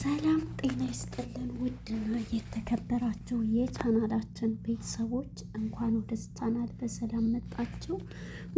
ሰላም ጤና ይስጥልን። ውድና የተከበራችሁ የቻናላችን ቤተሰቦች እንኳን ወደ ቻናል በሰላም መጣችሁ።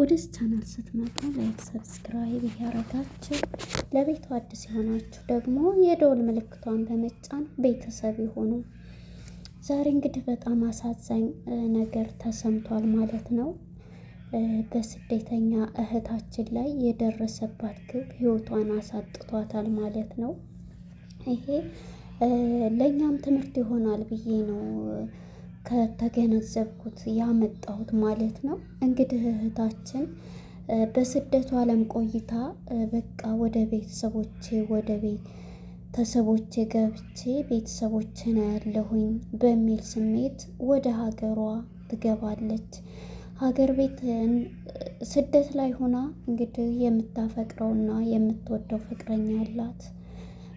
ወደ ቻናል ስትመጡ ላይክ፣ ሰብስክራይብ እያረጋችሁ ለቤቱ አዲስ የሆናችሁ ደግሞ የደወል ምልክቷን በመጫን ቤተሰብ የሆኑ ዛሬ እንግዲህ በጣም አሳዛኝ ነገር ተሰምቷል ማለት ነው። በስደተኛ እህታችን ላይ የደረሰባት ግብ ህይወቷን አሳጥቷታል ማለት ነው። ይሄ ለእኛም ትምህርት ይሆናል ብዬ ነው ከተገነዘብኩት ያመጣሁት ማለት ነው። እንግዲህ እህታችን በስደቱ ዓለም ቆይታ በቃ ወደ ቤተሰቦቼ ወደ ቤተሰቦቼ ገብቼ ቤተሰቦችን ያለሁኝ በሚል ስሜት ወደ ሀገሯ ትገባለች። ሀገር ቤት ስደት ላይ ሆና እንግዲህ የምታፈቅረውና የምትወደው ፍቅረኛ አላት።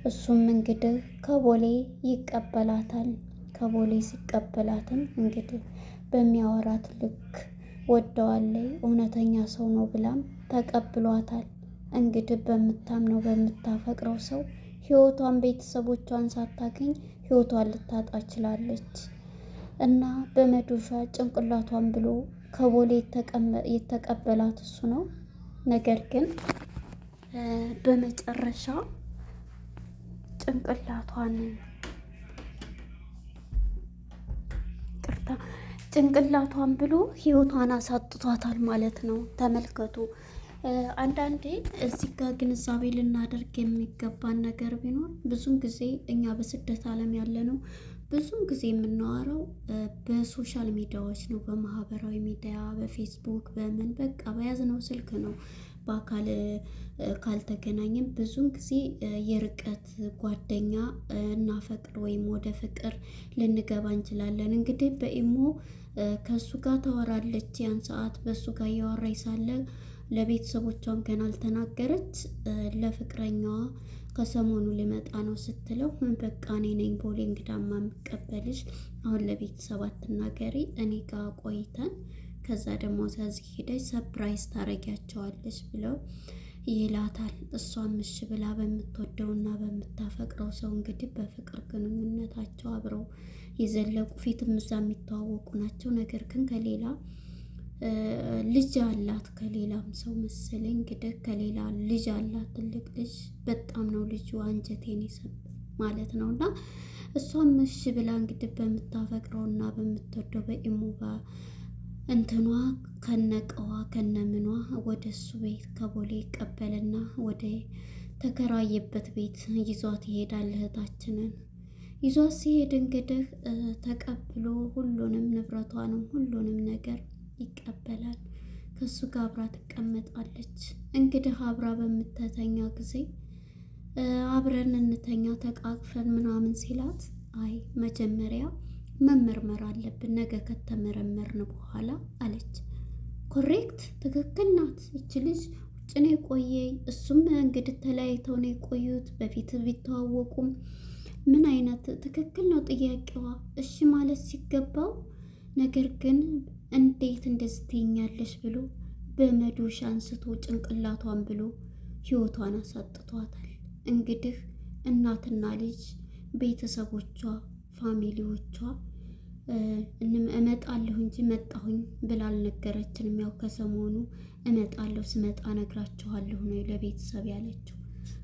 እሱም እንግዲህ ከቦሌ ይቀበላታል። ከቦሌ ሲቀበላትም እንግዲህ በሚያወራት ልክ ወደዋለይ እውነተኛ ሰው ነው ብላም ተቀብሏታል። እንግዲህ በምታምነው በምታፈቅረው ሰው ህይወቷን ቤተሰቦቿን ሳታገኝ ህይወቷን ልታጣ ችላለች እና በመዶሻ ጭንቅላቷን ብሎ ከቦሌ የተቀበላት እሱ ነው። ነገር ግን በመጨረሻ ጭንቅላቷን ቅርታ ጭንቅላቷን ብሎ ህይወቷን አሳጥቷታል ማለት ነው። ተመልከቱ። አንዳንዴ እዚህ ጋር ግንዛቤ ልናደርግ የሚገባን ነገር ቢኖር ብዙም ጊዜ እኛ በስደት ዓለም ያለ ነው ብዙም ጊዜ የምናወራው በሶሻል ሚዲያዎች ነው፣ በማህበራዊ ሚዲያ፣ በፌስቡክ በምን በቃ በያዝነው ስልክ ነው። በአካል ካልተገናኘም ብዙን ጊዜ የርቀት ጓደኛ እና ፈቅር ወይም ወደ ፍቅር ልንገባ እንችላለን። እንግዲህ በኢሞ ከእሱ ጋር ታወራለች። ያን ሰዓት በእሱ ጋር እያወራኝ ሳለ ለቤተሰቦቿም ገና አልተናገረች። ለፍቅረኛዋ ከሰሞኑ ልመጣ ነው ስትለው ምን በቃ እኔ ነኝ ቦሌ እንግዳማ የምቀበልሽ፣ አሁን ለቤተሰብ አትናገሪ፣ እኔ ጋር ቆይተን ከዛ ደግሞ እዚህ ሄደች ሰፕራይዝ ታረጊያቸዋለች ብለው ይላታል። እሷም እሺ ብላ በምትወደውና በምታፈቅረው ሰው እንግዲህ በፍቅር ግንኙነታቸው አብረው የዘለቁ ፊትም እዛ የሚተዋወቁ ናቸው። ነገር ግን ከሌላ ልጅ አላት ከሌላም ሰው መሰለኝ እንግዲህ ከሌላ ልጅ አላት ትልቅ ልጅ በጣም ነው ልጁ አንጀቴን የሰበር ማለት ነው እና እሷም እሺ ብላ እንግዲህ በምታፈቅረው እና በምትወደው በኢሙባ እንትኗ ከነቀዋ ከነምኗ ወደ እሱ ቤት ከቦሌ ይቀበልና ወደ ተከራየበት ቤት ይዟት ይሄዳል እህታችንን። ይዟት ሲሄድ እንግዲህ ተቀብሎ ሁሉንም ንብረቷንም ሁሉንም ነገር ይቀበላል። ከእሱ ጋር አብራ ትቀመጣለች። እንግዲህ አብራ በምተተኛ ጊዜ አብረን እንተኛ ተቃቅፈን ምናምን ሲላት አይ መጀመሪያ መመርመር አለብን ነገ ከተመረመርን በኋላ አለች። ኮሬክት ትክክል ናት ይች ልጅ ውጭ ነው የቆየ እሱም እንግዲህ ተለያይተው ነው የቆዩት በፊት ቢተዋወቁም ምን አይነት ትክክል ነው ጥያቄዋ እሺ ማለት ሲገባው ነገር ግን እንዴት እንደዚህ ትይኛለሽ ብሎ በመዶሻ አንስቶ ጭንቅላቷን ብሎ ህይወቷን አሳጥቷታል እንግዲህ እናትና ልጅ ቤተሰቦቿ ፋሚሊዎቿ እመጣለሁ እንጂ መጣሁኝ ብላ አልነገረችንም። ያው ከሰሞኑ እመጣለሁ ስመጣ ነግራችኋለሁ ነው ለቤተሰብ ያለችው።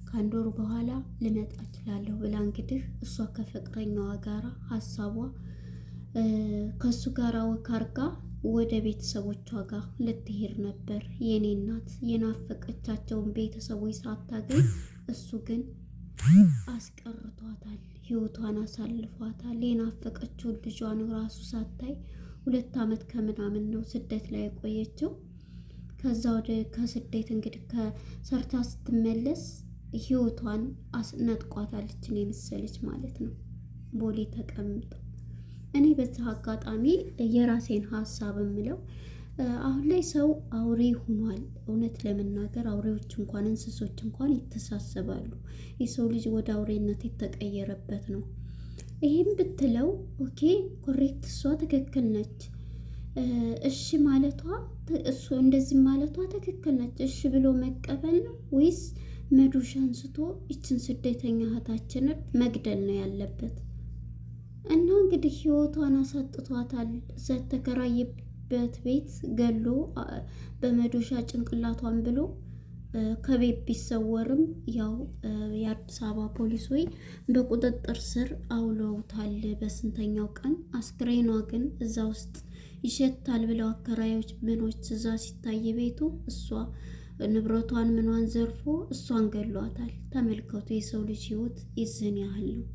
ከአንድ ወር በኋላ ልመጣ እችላለሁ ብላ እንግዲህ እሷ ከፍቅረኛዋ ጋራ ሀሳቧ ከእሱ ጋር ወካርጋ ወደ ቤተሰቦቿ ጋር ልትሄድ ነበር። የኔ እናት የናፈቀቻቸውን ቤተሰቦች ሳታገኝ እሱ ግን አስቀርቷታል። ህይወቷን አሳልፏታል። የናፈቀችውን ልጇን ራሱ ሳታይ ሁለት አመት ከምናምን ነው ስደት ላይ የቆየችው። ከዛ ወደ ከስደት እንግዲህ ከሰርታ ስትመለስ ህይወቷን አስነጥቋታለች የመሰለች ማለት ነው። ቦሌ ተቀምጦ እኔ በዚህ አጋጣሚ የራሴን ሀሳብ የምለው አሁን ላይ ሰው አውሬ ሆኗል። እውነት ለመናገር አውሬዎች እንኳን እንስሶች እንኳን ይተሳሰባሉ። የሰው ልጅ ወደ አውሬነት የተቀየረበት ነው። ይህም ብትለው ኦኬ ኮሬክት፣ እሷ ትክክል ነች። እሺ ማለቷ እሱ እንደዚህ ማለቷ ትክክል ነች። እሺ ብሎ መቀበል ነው ወይስ መዶሻ አንስቶ ይችን ስደተኛ እህታችንን መግደል ነው ያለበት? እና እንግዲህ ህይወቷን አሳጥቷታል። እዛ ተከራየ ባለችበት ቤት ገሎ በመዶሻ ጭንቅላቷን ብሎ ከቤት ቢሰወርም ያው የአዲስ አበባ ፖሊስ ወይ በቁጥጥር ስር አውለውታል። በስንተኛው ቀን አስክሬኗ ግን እዛ ውስጥ ይሸታል ብለው አከራዮች ምኖች እዛ ሲታይ ቤቱ እሷ ንብረቷን ምኗን ዘርፎ እሷን ገሏታል። ተመልከቱ፣ የሰው ልጅ ህይወት ይዝን ያህል ነው።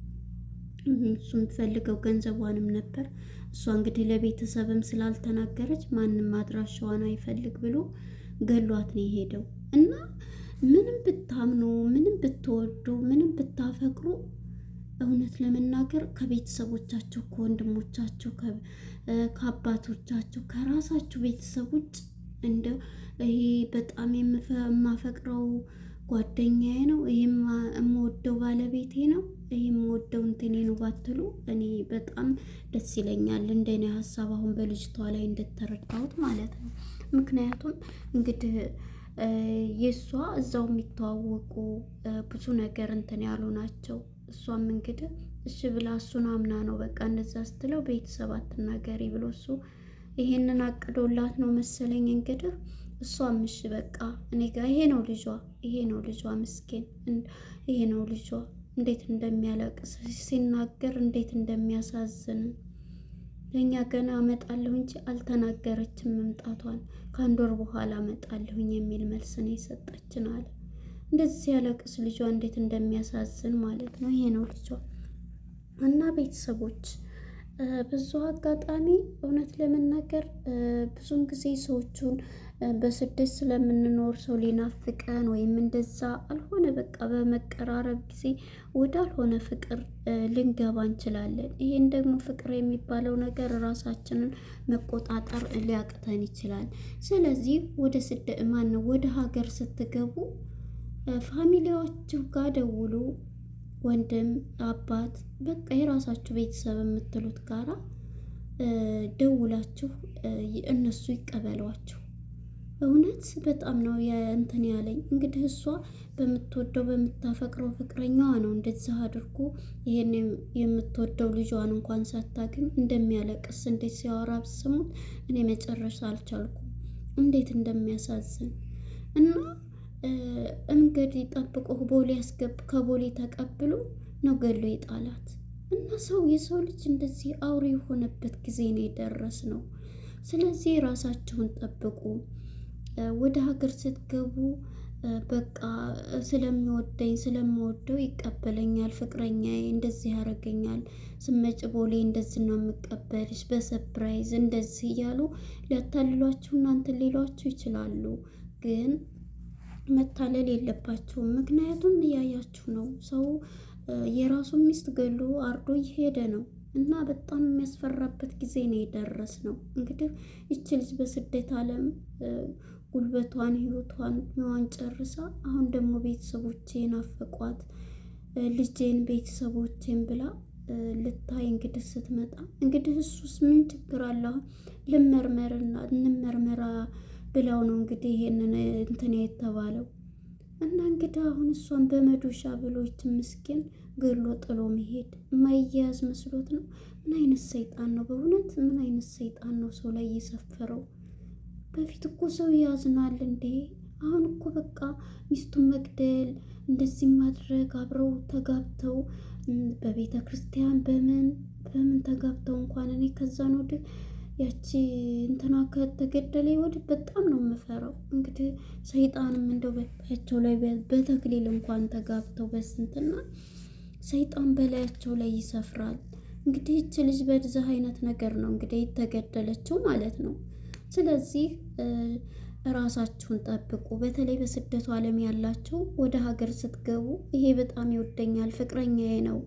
እሱ የምትፈልገው ገንዘቧንም ነበር። እሷ እንግዲህ ለቤተሰብም ስላልተናገረች ማንም አድራሻዋን አይፈልግ ብሎ ገሏት ነው የሄደው እና ምንም ብታምኑ፣ ምንም ብትወዱ፣ ምንም ብታፈቅሩ እውነት ለመናገር ከቤተሰቦቻቸው ከወንድሞቻቸው ከአባቶቻቸው ከራሳቸው ቤተሰብ ውጭ እንደው ይሄ በጣም የማፈቅረው ጓደኛዬ ነው፣ ይሄም የምወደው ባለቤቴ ነው፣ ይህም የምወደው እንትኔ ነው ባትሉ እኔ በጣም ደስ ይለኛል። እንደኔ ሀሳብ አሁን በልጅቷ ላይ እንደተረዳሁት ማለት ነው። ምክንያቱም እንግዲህ የእሷ እዛው የሚተዋወቁ ብዙ ነገር እንትን ያሉ ናቸው። እሷም እንግዲህ እሺ ብላ እሱን አምና ነው በቃ እንደዛ ስትለው ቤተሰብ አትናገሪ ብሎ እሱ ይሄንን አቅዶላት ነው መሰለኝ እንግዲህ እሷም እሺ በቃ እኔ ጋር ይሄ ነው ልጇ፣ ይሄ ነው ልጇ፣ ምስኪን ይሄ ነው ልጇ። እንዴት እንደሚያለቅስ ሲናገር እንዴት እንደሚያሳዝን ለእኛ ገና አመጣለሁ እንጂ አልተናገረችም። መምጣቷን ከአንድ ወር በኋላ አመጣለሁኝ የሚል መልስ ነው የሰጠችን አለ። እንደዚህ ሲያለቅስ ልጇ እንዴት እንደሚያሳዝን ማለት ነው። ይሄ ነው ልጇ እና ቤተሰቦች ብዙ አጋጣሚ እውነት ለመናገር ብዙን ጊዜ ሰዎቹን በስደት ስለምንኖር ሰው ሊናፍቀን ወይም እንደዛ አልሆነ በቃ በመቀራረብ ጊዜ ወዳልሆነ ፍቅር ልንገባ እንችላለን። ይሄን ደግሞ ፍቅር የሚባለው ነገር ራሳችንን መቆጣጠር ሊያቅተን ይችላል። ስለዚህ ወደ ስደት ማነው ወደ ሀገር ስትገቡ ፋሚሊያችሁ ጋር ደውሉ። ወንድም አባት፣ በቃ የራሳችሁ ቤተሰብ የምትሉት ጋራ ደውላችሁ እነሱ ይቀበሏችሁ። እውነት በጣም ነው የእንትን ያለኝ። እንግዲህ እሷ በምትወደው በምታፈቅረው ፍቅረኛዋ ነው እንደዚህ አድርጎ ይሄን የምትወደው ልጇን እንኳን ሳታገኝ እንደሚያለቅስ እንዴት ሲያወራ ብትሰሙት! እኔ መጨረሻ አልቻልኩም። እንዴት እንደሚያሳዝን እና እንግዲህ ጠብቆ ቦሌ ያስገብ ከቦሌ ተቀብሎ ነው ገሎ ይጣላት እና ሰው የሰው ልጅ እንደዚህ አውሬ የሆነበት ጊዜ ነው የደረስ ነው። ስለዚህ ራሳችሁን ጠብቁ። ወደ ሀገር ስትገቡ በቃ ስለሚወደኝ ስለምወደው ይቀበለኛል፣ ፍቅረኛ እንደዚህ ያደርገኛል፣ ስመጭ ቦሌ እንደዚህ ነው የምቀበልሽ፣ በሰፕራይዝ እንደዚህ እያሉ ሊያታልሏችሁ እናንተ ሊሏችሁ ይችላሉ። ግን መታለል የለባቸውም። ምክንያቱም እያያችሁ ነው ሰው የራሱን ሚስት ገሎ አርዶ እየሄደ ነው እና በጣም የሚያስፈራበት ጊዜ ነው የደረስ ነው። እንግዲህ ይች ልጅ በስደት አለም ጉልበቷን ህይወቷን ሚዋን ጨርሳ አሁን ደግሞ ቤተሰቦቼ ናፈቋት ልጄን ቤተሰቦቼን ብላ ልታይ እንግዲህ ስትመጣ እንግዲህ እሱስ ምን ችግር አለው? ልመርመርና እንመርመራ ብለው ነው እንግዲህ ይሄንን እንትን የተባለው እና እንግዲህ አሁን እሷን በመዶሻ ብሎች ምስኪን ገሎ ጥሎ መሄድ ማያያዝ መስሎት ነው። ምን አይነት ሰይጣን ነው በእውነት ምን አይነት ሰይጣን ነው ሰው ላይ የሰፈረው? በፊት እኮ ሰው ያዝናል እንዴ! አሁን እኮ በቃ ሚስቱን መግደል እንደዚህ ማድረግ አብረው ተጋብተው በቤተ ክርስቲያን በምን በምን ተጋብተው እንኳን እኔ ከዛን ወዲህ ያቺ እንትና ከተገደለ ወዲህ በጣም ነው የምፈራው። እንግዲህ ሰይጣንም እንደው በላያቸው ላይ በተክሊል እንኳን ተጋብተው በስንትና ሰይጣን በላያቸው ላይ ይሰፍራል። እንግዲህ ይች ልጅ በዚህ አይነት ነገር ነው እንግዲህ የተገደለችው ማለት ነው። ስለዚህ ራሳችሁን ጠብቁ። በተለይ በስደቱ ዓለም ያላችሁ ወደ ሀገር ስትገቡ ይሄ በጣም ይወደኛል፣ ፍቅረኛዬ ነው፣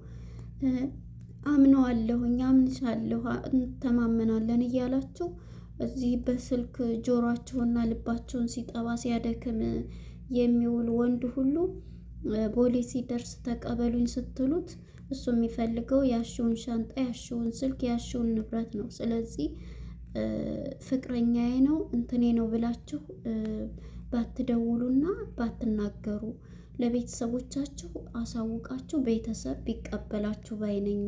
አምነዋለሁኝ፣ አምንሻለሁ፣ እንተማመናለን እያላችሁ እዚህ በስልክ ጆሯችሁና ልባችሁን ሲጠባ ሲያደክም የሚውል ወንድ ሁሉ ቦሌ ሲደርስ ተቀበሉኝ ስትሉት እሱ የሚፈልገው ያሽውን ሻንጣ፣ ያሽውን ስልክ፣ ያሽውን ንብረት ነው። ስለዚህ ፍቅረኛዬ ነው እንትኔ ነው ብላችሁ ባትደውሉና ባትናገሩ ለቤተሰቦቻችሁ አሳውቃችሁ ቤተሰብ ቢቀበላችሁ ባይነኝ።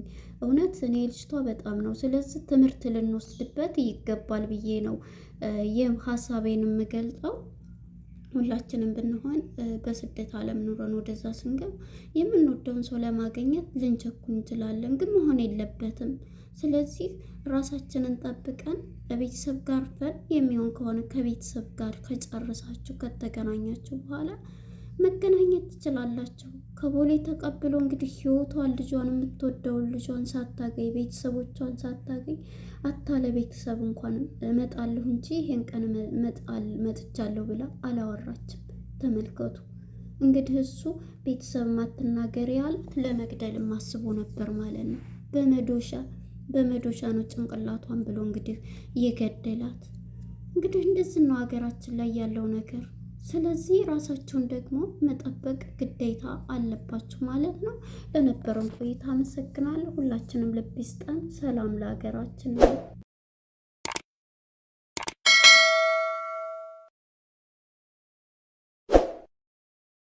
እውነት እኔ ልጅቷ በጣም ነው። ስለዚህ ትምህርት ልንወስድበት ይገባል ብዬ ነው ይህም ሀሳቤን የምገልጠው። ሁላችንም ብንሆን በስደት ዓለም ኑረን ወደዛ ስንገብ የምንወደውን ሰው ለማግኘት ልንቸኩ እንችላለን፣ ግን መሆን የለበትም። ስለዚህ ራሳችንን ጠብቀን ከቤተሰብ ጋር ፈን የሚሆን ከሆነ ከቤተሰብ ጋር ከጨረሳችሁ ከተገናኛችሁ በኋላ መገናኘት ትችላላችሁ። ከቦሌ ተቀብሎ እንግዲህ ህይወቷን ልጇን የምትወደውን ልጇን ሳታገኝ ቤተሰቦቿን ሳታገኝ አታለ ቤተሰብ እንኳን እመጣለሁ እንጂ ይሄን ቀን መጥቻለሁ ብላ አላወራችም። ተመልከቱ እንግዲህ እሱ ቤተሰብ ማትናገር ያል ለመግደል አስቦ ነበር ማለት ነው በመዶሻ በመዶሻ ነው ጭንቅላቷን ብሎ እንግዲህ የገደላት። እንግዲህ እንደዚህ ነው ሀገራችን ላይ ያለው ነገር። ስለዚህ ራሳችሁን ደግሞ መጠበቅ ግዴታ አለባችሁ ማለት ነው። ለነበረን ቆይታ አመሰግናለሁ። ሁላችንም ልብ ይስጠን። ሰላም ለሀገራችን ነው።